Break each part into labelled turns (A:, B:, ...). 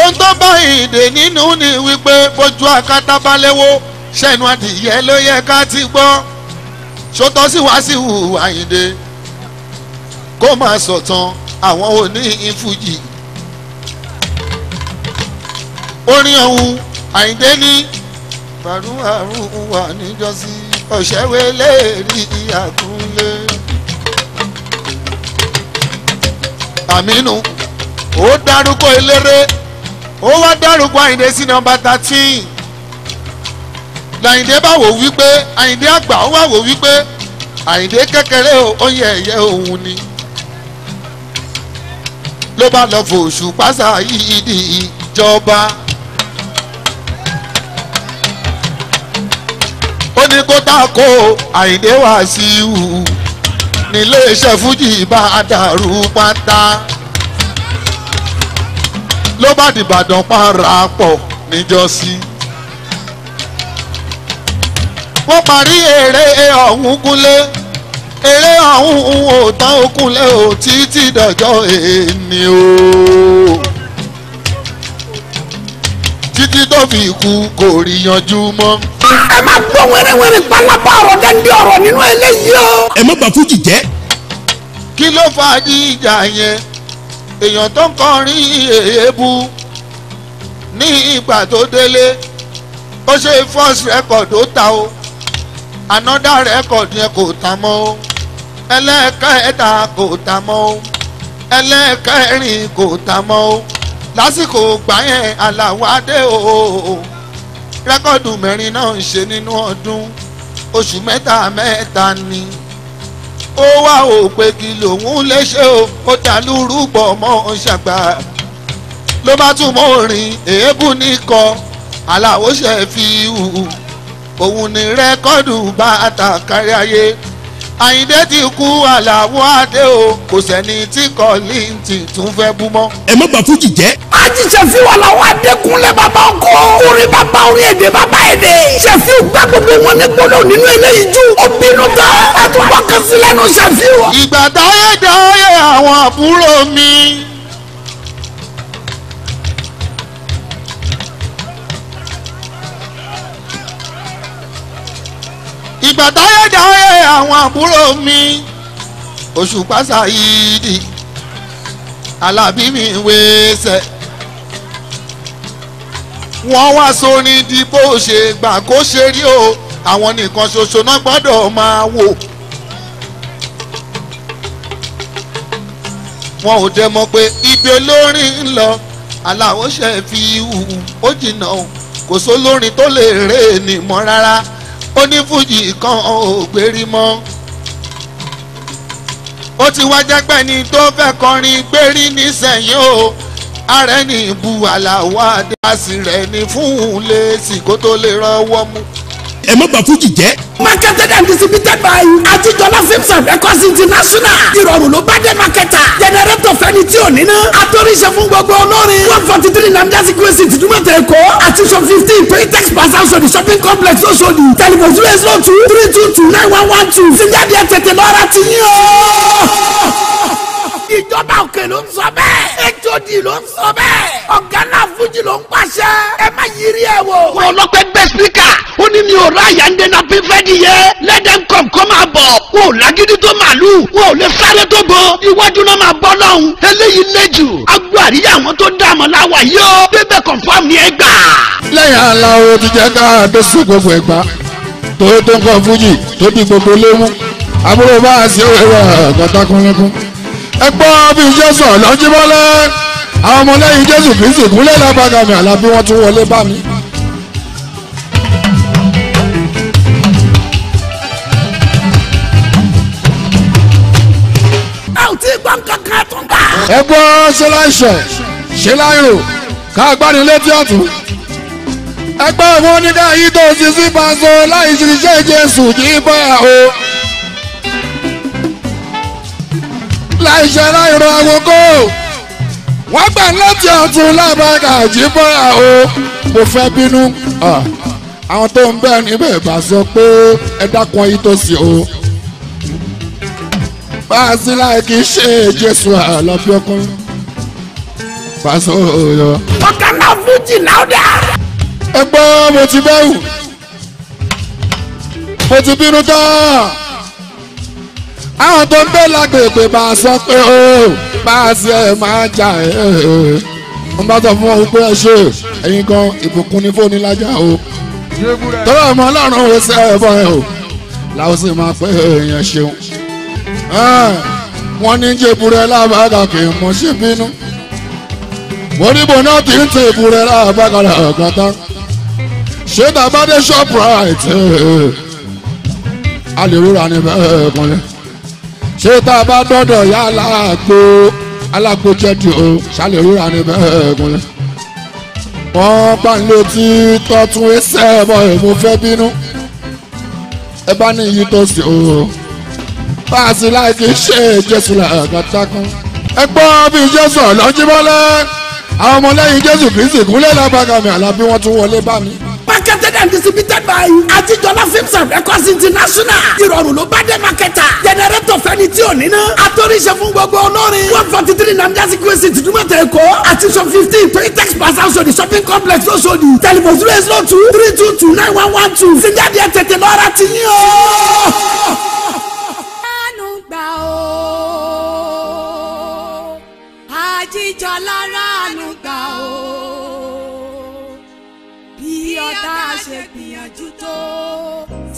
A: ohun tó bá ìdè nínú ni wípé fojú akátá bá léwó ṣẹ́nu adìyẹ ló yẹ ká ti gbọ́ ṣótọ́ sí wá sí hù àyìndé kó máa sọ̀tàn àwọn òní ìfújì orin ọ̀hún àyìndé ní bàrún àrùn wà níjọ́sí ọ̀ṣẹ́wé lè àkúnlé. àmínú ó dárúkọ eléré ó wá dárúkọ àyìndé sí nọmba thirteen làyìndé bá wò wípé àyìndé àgbà ó wá wò wípé àyìndé kékeré oyè ẹ̀yẹ òun ni ló bá lọ fòṣù pásá yìí di ìjọba. ó ní kó tako àyìndé wá sí nílé iṣẹ́ fújì bá dàrú pátá ló bá dìbàdàn parapọ̀ níjọ́sí. wọ́n parí eré ọ̀hún gúnlé eré ọ̀hún ò tán okúnlé ò títí dọjọ́ èèní o. títí tó fi kú kò rí yanjú mọ́ ẹ máa gbọ́ wẹ́rẹ́wẹ́rẹ́ pálábá ọ̀rọ̀ dẹ́ndé ọ̀rọ̀ nínú eléyìí o. ẹ má bà fújì jẹ́. kí ló fa ìjà yẹn èèyàn tó ń kọrin èébú ní ìgbà tó délé ó ṣe first record ó ta o another record yẹn kò ta mọ́ o ẹlẹ́ẹ̀kẹta kò ta mọ́ o ẹlẹ́ẹ̀kẹrin kò ta mọ́ o lásìkò gbà yẹn aláwádé o rẹ́kọ̀dù mẹ́rin náà ń ṣe nínú ọdún oṣù mẹ́ta mẹ́ta ni ó wá òpè kí lòun lè o ó dá lúrú bọ̀ ṣàgbà ló bá tún mọ́ orin èébú nìkọ aláwo ṣe fi hù òun ní rẹ́kọ́dù bá àtàkárí ayé àyíndé ti kú aláwo adé o kò sẹ́ni tí kọ́lí ti tún fẹ́ bú mọ́. ẹ má bà fújì jẹ́ aji sẹfi wala wa dekunle baba ko orí baba orí èdè baba èdè
B: sẹfi gba gbogbo wọn ní gbọdọ nínú eléyìí ju obìnrin tán àtúbọ kasi lẹnu sẹfi wa. ìgbà
A: dáyé dáyé àwọn àbúrò mi. ìgbà dáyé dáyé àwọn àbúrò mi Òṣùpá Sàídì Àlàbí mi wéṣẹ wọ́n wá sórin di bó ṣe gbà kó ṣe rí o àwọn nìkan ṣoṣo náà gbọ́dọ̀ máa wò. wọn ò dẹ mọ̀ pé ibi olórin ń lọ aláwo ṣe fi hù ó jìnnà o kò sólórin tó lè rè ní mọ́ rárá ó ní fújì kan ò gbérí mọ́. ó ti wá jẹ́ tó fẹ́ kọrin gbérí nísẹ̀yìn o ààrẹ ní ìbú aláwọ̀ a sì rẹ̀ ní fún un lè sì kó tó lè rọwọ́ mú. ẹ má bà fújì jẹ́. marketed and distributed by Ajijola films and records
B: international. ìrọ̀rùn ló bá dé marketer. generator fẹ́ni tí ò níná. atóríṣe fún gbogbo olórin. one forty three Namdi sequence ti dúmọ̀tẹ̀ èkó. àti shop fifteen pretex plaza shopping complex Oṣòdì. telephone zero zero two three two two nine one one two. síjáde ẹ̀ tètè lọ́ra ti yín o. ìjọba òkè ń sọ bẹ́ẹ̀ fújì ló ń sọ bẹ́ẹ̀. ọ̀gá náà fújì ló ń pàṣẹ. ẹ má yiri ẹ wo. wọ́n ọlọ́pẹ́ gbé síkà ó ní mi ò ráyà ń dena pípẹ́ di yẹ. lẹ́dẹ̀ẹ́ kọ̀ kọ́ máa bọ̀. wọn ò lágídí tó màlúù. wọn ò lè sáré tó bọ̀. iwájú náà máa bọ́ lọ́hùn. eléyìí lé jù. agbó àríyá àwọn tó dá àmọ́ láwa yó. bébẹ̀ kọ̀ǹfàmù yẹn gbà.
C: lẹ́yìn aláwo ti jẹ́ ká tó sí gbogbo ẹ̀gbá tó tó ń kọ́ fújì tó di gbogbo léwu àbúrò bá a ṣe òwe kọ́tàkùnrin kún. ẹ gbọ́ bí jésù ọ̀lọ́júmọ́lẹ́ àwọn ọmọlẹ́yìn Jésù Kristi ìkúnlẹ̀ lágbàgà mi àlàbí wọ́n tún wọlé bá mi. a ò tí ì gbọ́ nǹkan kan tó ń gbà. ẹ gbọ́ ṣe láìṣẹ̀ ṣe láìrò ká agbáni létí ọ̀tún. ẹgbẹ́ òun onídà yìí tó ti sí pàṣẹ láì ṣiṣẹ́ Jésù kì í bá o. láìṣẹ̀ láìrò àwọn kóò wọ́n gbà láti ọ̀tún lábàgà àjíbọ́ra o mo fẹ́ bínú àwọn tó ń bẹ́ẹ̀ níbẹ̀ bá sọ pé ẹ dákun yìí tó sì o bá a sí láì kí ṣe Jésù àlọ́bí ọkùnrin pàṣẹ òòyọ. ọ̀gá náà fújì láwùdá. ẹ gbọ́ mo ti bẹ̀rù mo ti bínú tán àwọn tó ń bẹ́ẹ̀ lágbègbè bá sọ pé o. Oh pàṣẹ máa jà ẹ́ wọ́n bá sọ fún ọ pé ẹ ṣe ẹ̀yin kan ìbùkún ní fóònù lájà o tọ́lá ọmọ ọlọ́run ò sẹ́ ẹ ẹ o làwọn sì máa pẹ́ èèyàn ṣeun wọ́n ní jẹ́bùrẹ́ lábàgà kì í mọ̀ ṣe bínú oníbò náà kì í tẹ ìbùrẹ́ lábàgà gàtà ṣé tàbá dé shoprite a lè rúra ní bẹ́ẹ̀ kúnlẹ̀ ṣé tá a bá dọ́dọ̀ yá aláàgbò aláàgbò jẹ́dù o ṣálẹ̀ òwúrà ni mẹ́ẹ̀ẹ́gùn lẹ. wọ́n bá ń lo tí tọ́tún ẹsẹ̀ ẹ̀bọ̀ èmo fẹ́ bínú ẹ bá ní iyì tó sì o bá a sì láì kí ṣe jésù làgàtàkùn. ẹ gbọ́ bí jésù ọ̀lọ́júmọ́lẹ́ àwọn ọmọlẹ́yìn jésù kìí sì kúnlẹ̀ lábàgàmì àlàbí wọ́n tún wọlé bá mi marketed and distributed by Ajijola films and records international. Ìrọ̀rùn ló bá dé marketer. Generator
B: fẹ́ni tí ò níná. Atóríṣe fún gbogbo olórin. one forty three Namdi Azikiwesi Tìdúmọ̀tẹ̀ Èkó. Àti Fifteen, Twenty to Itex Plaza Osodi shopping complex lóṣòdì. Telephone zero eight zero two three two two nine one one two. Ṣé jáde ẹ̀ tètè lọ́ra ti yín o.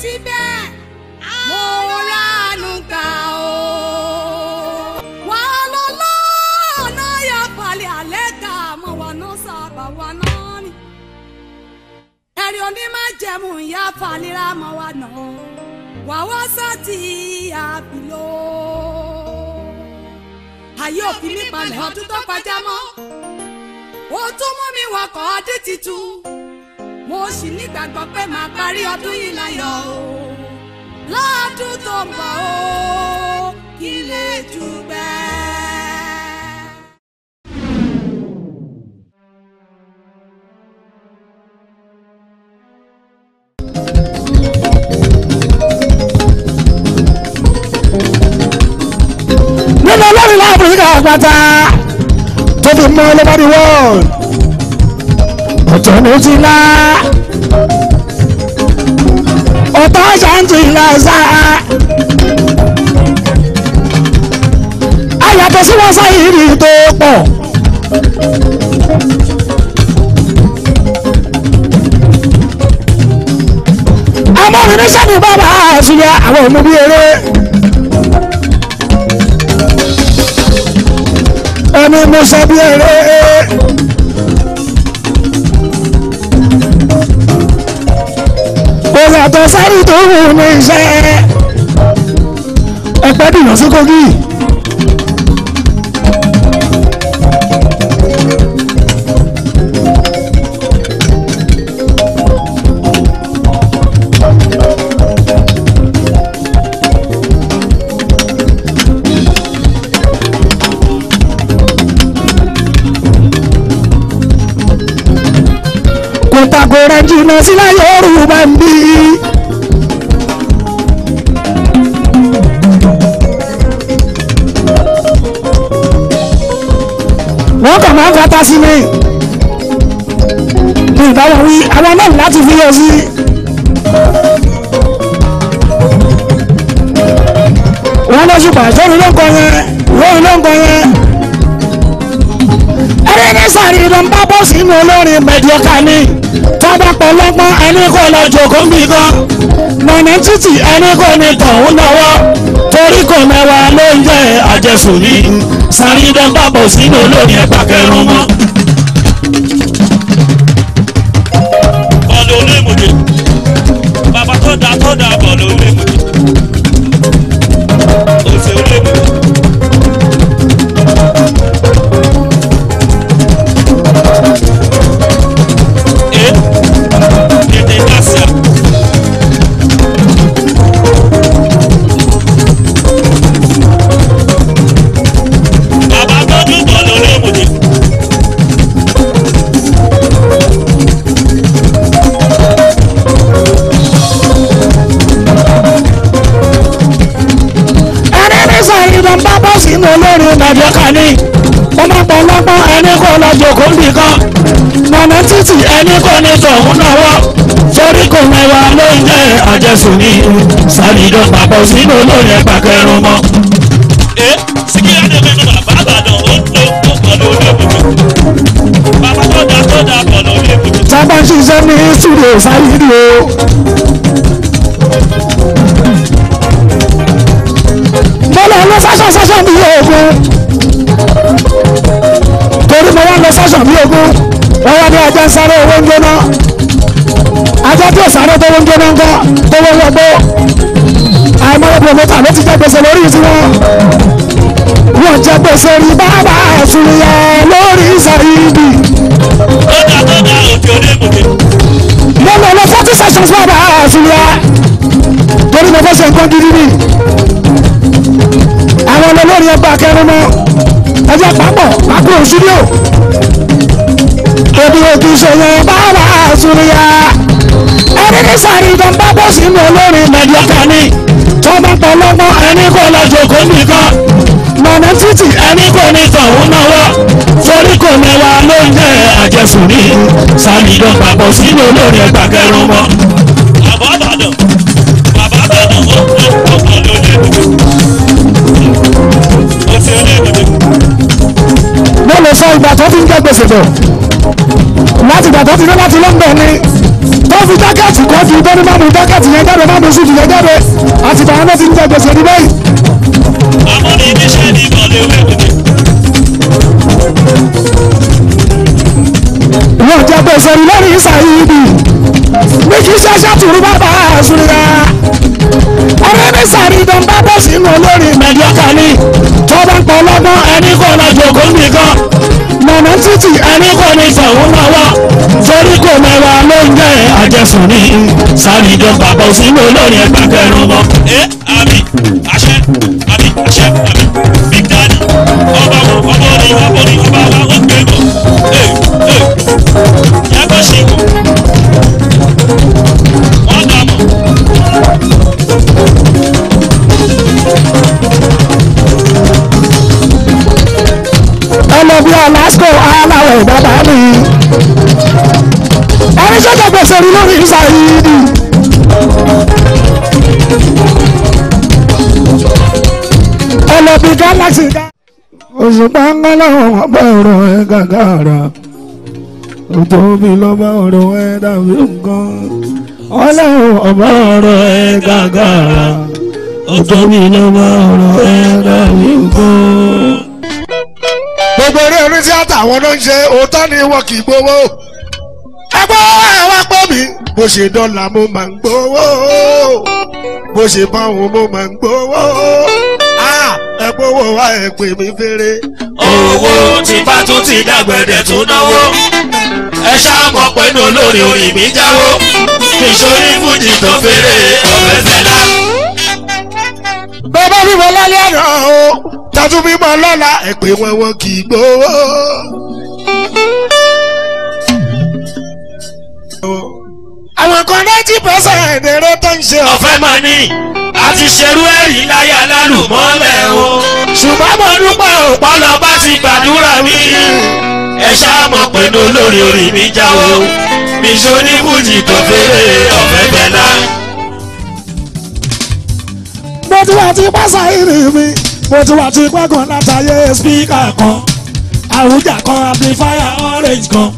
B: síbẹ̀ mo ránú gbà o. wà á lọ lọ́ọ̀nà yà balẹ̀ alẹ́ ká mọ̀ wà náà sábà wà náà ni. ẹ̀rí oní máa jẹ̀mú ìyá falera mọ̀ wà náà wà wá sátì àbílò. ayé òfin nípa lẹ́hìn ọdún tó kọjá mọ́ ó tún mú mi wọkọ̀ ọdún titun mo sì nígbàgbọ́ pé màá parí ọdún yìí láyọ̀ o lọ́dún tó ń bọ̀ o kí lè jù nínú olórin láàbùrù yìí kà á pátá tó mọ́ everybody world. Ọ̀tọ̀nùtìlá Ọ̀tọ̀ṣàntìlá sá. Ayàtọ̀ sí wọn sáyìí rí tó pọ̀. ọmọbìnrin sani bàbá àfihàn àwọn ọmọ bíi eré. ẹni mo sọ bíi eré. yàtọ̀ sáré tó wù ní iṣẹ́. ọ̀pẹ́ dìyàn sí kogi. jìnnà sílẹ̀ Yorùbá ń bí. wọ́n kàn máa ń fata sí mi ní ìbáwọ̀ wí àwọn náà láti fi yọ sí. wọ́n lọ́sùpà sórí ló ń kọ yẹn lórí ló ń kọ yẹn ní sàrí ló ń bá bọ́ sínú olórin mẹ̀díọ́kà ni tọ́ba pọ̀lọ́pọ́n ẹni kò lọ jòkó mi gan mọ̀nà títì ẹni kò ní tọ̀hún lọ́wọ́ torí kò mẹ́wàá ló ń jẹ́ àjẹsùn yìí sàrí ló ń bá bọ́ sínú olórin ẹ̀gbà kẹrin mọ́. bọ́ọ̀lù olóòmùdè bàbá tó dáa tó dáa bọ́ọ̀lù olóòmùdè. sínú olórin ìbàjẹ́ kàní ọmọpọ̀ ọlọ́pọ̀ ẹni kò lọ jòkó nìkan mọ̀nà títì ẹni kò ní tọ̀hún náwó torí kò mẹ́wàá ló ń jẹ́ àjẹsùn ní sàlìdọ̀ papọ̀ sínú olórin ẹ̀pà kẹrin mọ́. ẹ síkírá ní ọmọ bàbá àbàdàn ó ń lo ọkọ̀ lórí òkùnkùn bàbá tó dá tó dá ọkọ̀ lórí òkùnkùn. sábà ń ṣiṣẹ́ ní studio sáyidì o mo lọ lọ fashion mi bí oògùn torí mo wá lọ fashion bí oògùn wọ́n wá ní ajá ń sáré owó ń jóná ajá tí ò sáré tówó ń jóná ń kọ́ tówó wọgbó àìmọ́lẹ́ pòmọ́tà ló ti jẹ́ gbèsè lórí tiwọn wọ́n jẹ́ gbèsè rí bàbá àṣùyẹ lórí sàríbì. ó dà tó dà òkè òde òkè. mo lọ lọ forty sessions bàbá àṣùyẹ torí mo fẹ́ ṣe nǹkan gidi ni àwọn olórin ẹgbẹ́ akẹrin mọ́ ẹjẹ́ pápọ̀ pápọ̀ òṣùdíò ebi òkè ìṣòyẹ báwa àṣùrìyà ẹni ní sàrí ìjọ bá bọ́ sínú olórin mẹ̀díọ́kà ni tó bá pọ̀ lọ́gbọ́n ẹni kò lọ jòkó nìkan mọ̀nà títì ẹni kò ní tọ̀hún náwó torí kò ní wa lóúnjẹ àjẹsùn ní sàrí ìjọ bá bọ́ sínú olórin ẹgbẹ́ akẹrin mọ́. àbọ̀ àbàdàn. sọ ìgbà tó fi ń jẹ́ gbèsè bọ̀ láti ìgbà tó fi dé láti London ni tó fi jákẹ́ẹ̀tì kó fi dé ní má mú jákẹ́ẹ̀tì yẹn jáde má mú sùúrù yẹn jáde àti ìgbà yẹn fi ń jẹ́ gbèsè ní báyìí. àmọ́ ní iṣẹ́ ní ìmọ̀lẹ́ òwe òde. wọ́n jẹ́ gbèsè lórí ìsàyè ibi ní kí iṣẹ́ ṣàtúrú bàbá àṣùrìyà erébísàrí tó ń bá bọ́ sínú olórí mẹ́díọ́kà ni tó bá ń pọ̀ lọ́gbọ́n ẹni kò lọ jòkó nìkan mọ̀nà títì ẹni kò ní tọ̀hún lọ́wọ́ torí kò mẹ́wàá ló ń jẹ́ àjẹsùn ni sáré tó bá bọ́ sínú olórí ẹgbẹ́ kẹrin wọn. ẹ àmì àṣẹ àmì àṣẹ àmì big daddy ọba wọn ọba orin ọba orin ọba wa ó bọ̀ ẹ ẹ yàgbọ́ sí i. lọ lásìkò aláwọ̀ ìdọ́ta ni ẹni tó tẹ̀gbẹ̀sẹ̀ rí lórí ìsàyídì. ẹlẹ́bi galaxy. òṣùpá ń gbọ́ lọ́wọ́ wọn bá ọ̀rọ̀ ẹ gàgàrà òtò mi ló bá ọ̀rọ̀ ẹ dàbí nǹkan ọlọ́wọ́ ọba ọ̀rọ̀ ẹ gàgàrà òtò mi ló bá ọ̀rọ̀ ẹ dàbí nǹkan ní tíátà àwọn ló ń ṣe òótọ́ ni wọn kì í gbowó ẹgbẹ́ ẹ wá pọ̀ mí bó ṣe dọ́là mo máa ń gbowó bó ṣe báwọn mo máa ń gbowó ẹ gbowó wa ẹ pè mí fèrè. owó tipa tún ti dàgbẹ̀dẹ̀ tún náwó ẹ ṣáàmọ̀ pẹ̀lú olórin orin mi jáwó kì í ṣorí fújì tó fèrè ọ̀fẹ́ fẹ́lá bá bímọ lálẹ́ àná o tàtún bímọ lọ́la ẹ pé wọn wọn kì í gbowó. àwọn kan ninety percent èrè tó ń ṣe ọ̀fẹ́ máa ní àti ṣerú ẹ̀rí láyé alálùmọ́lẹ̀ o ṣùgbọ́n mo dúpẹ́ òpọ́lọ bá ti gbàdúrà mi ẹ ṣáà pé ní olórí orí mi jáwọ́ mi ṣó ní fújì tó fèrè ọ̀fẹ́ bẹ́ẹ̀ náà ti wà ti pásá ìrìn mo ti wà ti pẹ́ látàyè spíkà kan àwùjá kan amplifier orange kan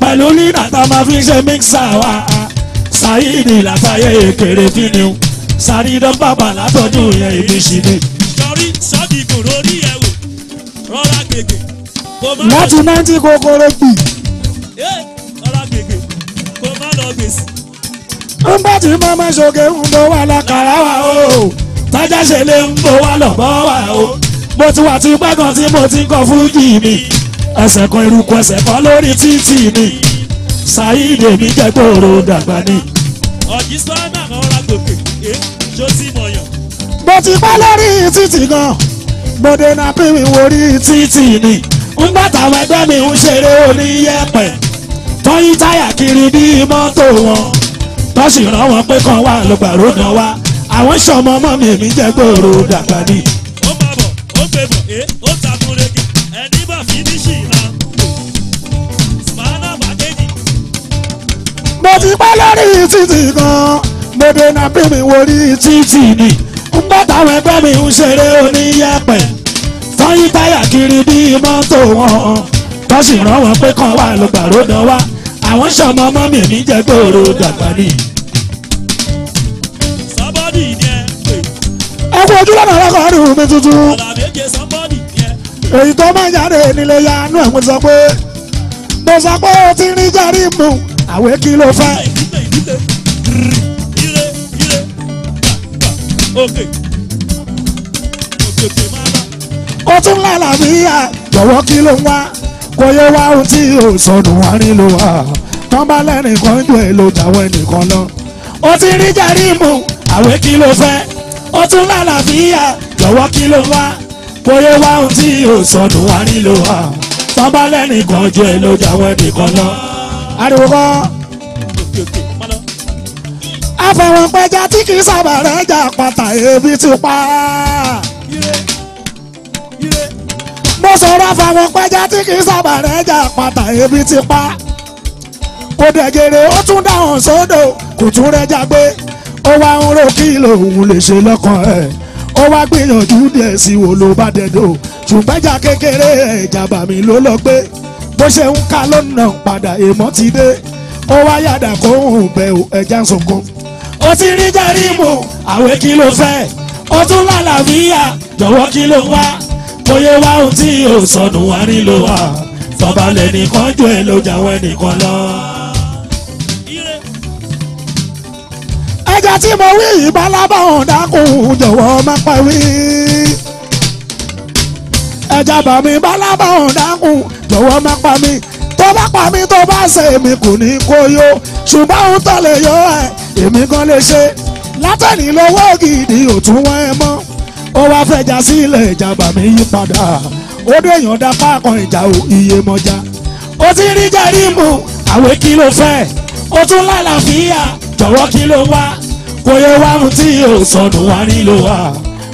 B: pẹ̀lú lílà tá a máa fi ṣe mixer wa ṣáìdì látàyè èkèrè fíniu ṣàrídán bàbà látọ̀dún yẹn ibi ṣìdí. sọrí sọ́ọ̀dì kòró rí ẹ wò rọra gègé. láti náìtì kòkòrò gbì. rọra gègé kò má lọ gbèsè. ń bá ti máa máa ṣoge ń lọ wà lákàrà wa o. Oh tájà ṣe lè ń bọ̀ wá lọ́bọ̀ wá o mo ti wà tí pẹ́gàn tí mo ti ń kọ fújì mi ẹsẹ̀ kan eruku ẹsẹ̀ kan lórí títì mi ṣáìdè mi jẹ́ gbòòrò dàgbà ni. ọ̀jì sọ́nà kan rà gòkè ẹ eh, jó sí mọ̀yàn. mo ti pẹ́ lórí títì gan mo dènà pé mi wò rí títì mi ńgbà táwọn ẹgbẹ́ mi ń ṣeré oníyẹ̀pẹ̀ tọ́yìn táyà kiri bí mọ́tò wọn tọ́sí rán wọn pé kan wà lọ́gbàrúdàn wa àwọn sọmọ ọmọ mi èmi jẹ́ gbòòrò dàgbà ni. ó bá bọ̀ ó gbé bọ̀ ẹ́ eh, ó takun rege ẹni bá fi ní sí ìlà sùpàánà bàkejì. mo ti pẹ́ lórí títì gan-an mo dènà bí mi wo rí títì ni n bá táwọn ẹgbẹ́ mi ń ṣeré oníyẹ̀pẹ̀ fọyín táyà kiri bí mọ́tò wọn tó sì rán wọn pé kàn wá lọ́gbàró dán wá àwọn sọmọ ọmọ mi èmi jẹ́ gbòòrò dàgbà ni. gbogbo ojú lọ́nà ọlọ́kọ̀ rí omi tuntun. èyí tó máa jáde nílé yanu ẹ̀ mo sọ pé mo sọ pé o ti rí járí mu àwé kí ló fẹ́. ó tún lálàbíyà jọ̀wọ́ kí ló ń wá kò yẹ wá ohun tí ò sọnù wá nílò wá tán lẹ́nìkan ń jọ èlò jàwọ́ ẹnìkan lọ. ó ti rí járí mu àwé kí ló fẹ́ ó tún lálàáfíà jọ̀wọ́ kí ló wá kó yẹ wá ohun tí yóò sọnù wá nílò wa tọ́ba lẹ́nìkan jẹ́ ló jáwọ́ ẹnìkan lọ. ariwo kọ́ afọwọ́pẹ́já tí kì í sábà rẹ̀ jà pátá ebi ti pa mo sọ̀rọ̀ fáwọn tí kì í sábà rẹ̀ jà pátá ebi ti pa kò dẹ̀gẹ̀rẹ̀ ó tún dáhùn sódò kò tún rẹ̀ jà gbé ó wá ń rò kí lòun lè ṣe lọ́kàn ẹ̀ ó wá gbìyànjú díẹ̀ sí wo ló bá dẹ̀dọ̀ ṣùgbẹ́jà kékeré ẹ̀jà bàmí ló lọ gbé bó ṣe ń ká lọ́nà padà èèmọ́ ti dé ó wá yàdà kó ń bẹ̀ ẹ̀jà sọ̀kan ó ti rí jẹ́rìmù àwẹ̀ kí ló fẹ́ ó tún lálàáfíà jọ̀wọ́ kí ló wá bóyá wá ohun tí yóò sọnù wá nílò wá fọbalẹ̀ nìkan jó ẹ lójà wẹ́ nìkan lọ́ọ́. ẹja tí mo wí ìbálábà ọ̀dà kò jọ̀wọ́ má pẹ́ wí. ẹja bà mí bálábà ọ̀dà kò jọ̀wọ́ má pa mí tó bá pa mí tó bá ṣe èmi kò ní kó yó ṣùgbọ́n òun tó lè yọ ẹ̀ èmi gan lè ṣe látẹ̀lí lọ́wọ́ gidi òtún wọ́n ẹ mọ́ ó wá fẹ̀jà sílẹ̀ ìjà bà mí yí padà ó dé èèyàn dá pákan ìjà ò iye mọ́já ó ti rí jẹ́rìí mu àwé kí ló fẹ́ ó tún lálàáfíà jọ̀wọ́ kí ló wá kò yẹ wá mu tí yóò sọdún wá nílò wa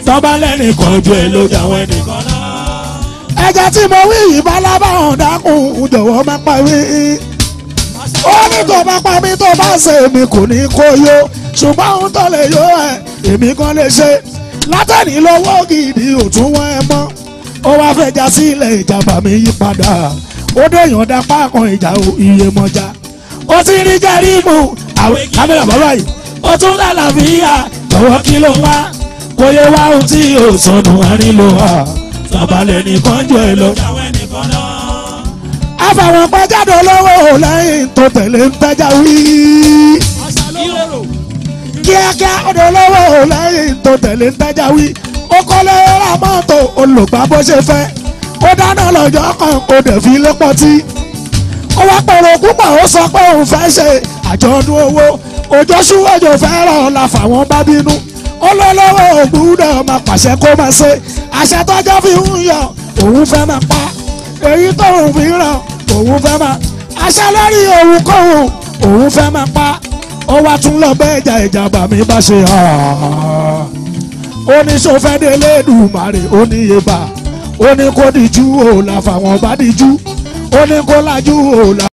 B: tọ́ba lẹ́nìkan ojú ẹ ló dáwọn ẹnìkan náà. ẹ̀jẹ̀ tí mo wí yìí bá lábàrún dákun jọ̀wọ́ má pa mí. ó ní tó bá pa mí tó bá ṣe èmi kò ní kó yó ṣùgbọ́n òun tó lè yó ẹ̀ èmi kan lè ṣe. látẹ̀ní lọ́wọ́ gidi òtún wọ́n ẹ mọ́ ó wá fẹ́ já sí ilẹ̀ ìjàmbá mi yí padà ó déèyàn dá pákan ìjà iye mọ́já ó ti rí jẹ́rìí mú àwọn kámẹ́rà bàbá yìí ó tún lálàáfíà jọ̀wọ́ kí ló wá kó yẹ wá ohun tí ò sọnù àárín ló wà sàbàlẹ̀ nìkan jọ ẹ lọ. àfàwọn pẹ́jáde olówó lẹ́yìn tó tẹ̀lé ń tẹ́já wí. kíákíá ọ̀dọ̀ olówó lẹ́yìn tó tẹ̀lé ń tẹ́já wí. ó kọ́lé ra mọ́tò olùgbà bó ṣe fẹ́. ó dáná lọ́jọ́ kan ó dẹ̀ fi ó wá pẹ̀rọ púpọ̀ ó sọ pé òun fẹ́ ṣe àjọ̀dún owó òjò súwọ́jọ fẹ́ràn la fàwọn bá bínú olólówó ògbúdọ̀ máa pàṣẹ kó máa ṣe àṣẹ tọ́jọ́ fi ń yọ òun fẹ́ máa pa èyí tóun fi ràn òun fẹ́ máa àṣẹ lórí òun kóun òun fẹ́ máa pa ó wá tún lọ bẹ́ẹ̀ jà ìjàmbá mi bá ṣe hàn ó ní sọfẹ́ délé dùmarè ó ní iye bá ó ní kó dijú òòlà fàwọn bá dijú ó ní kó lajú òòlà.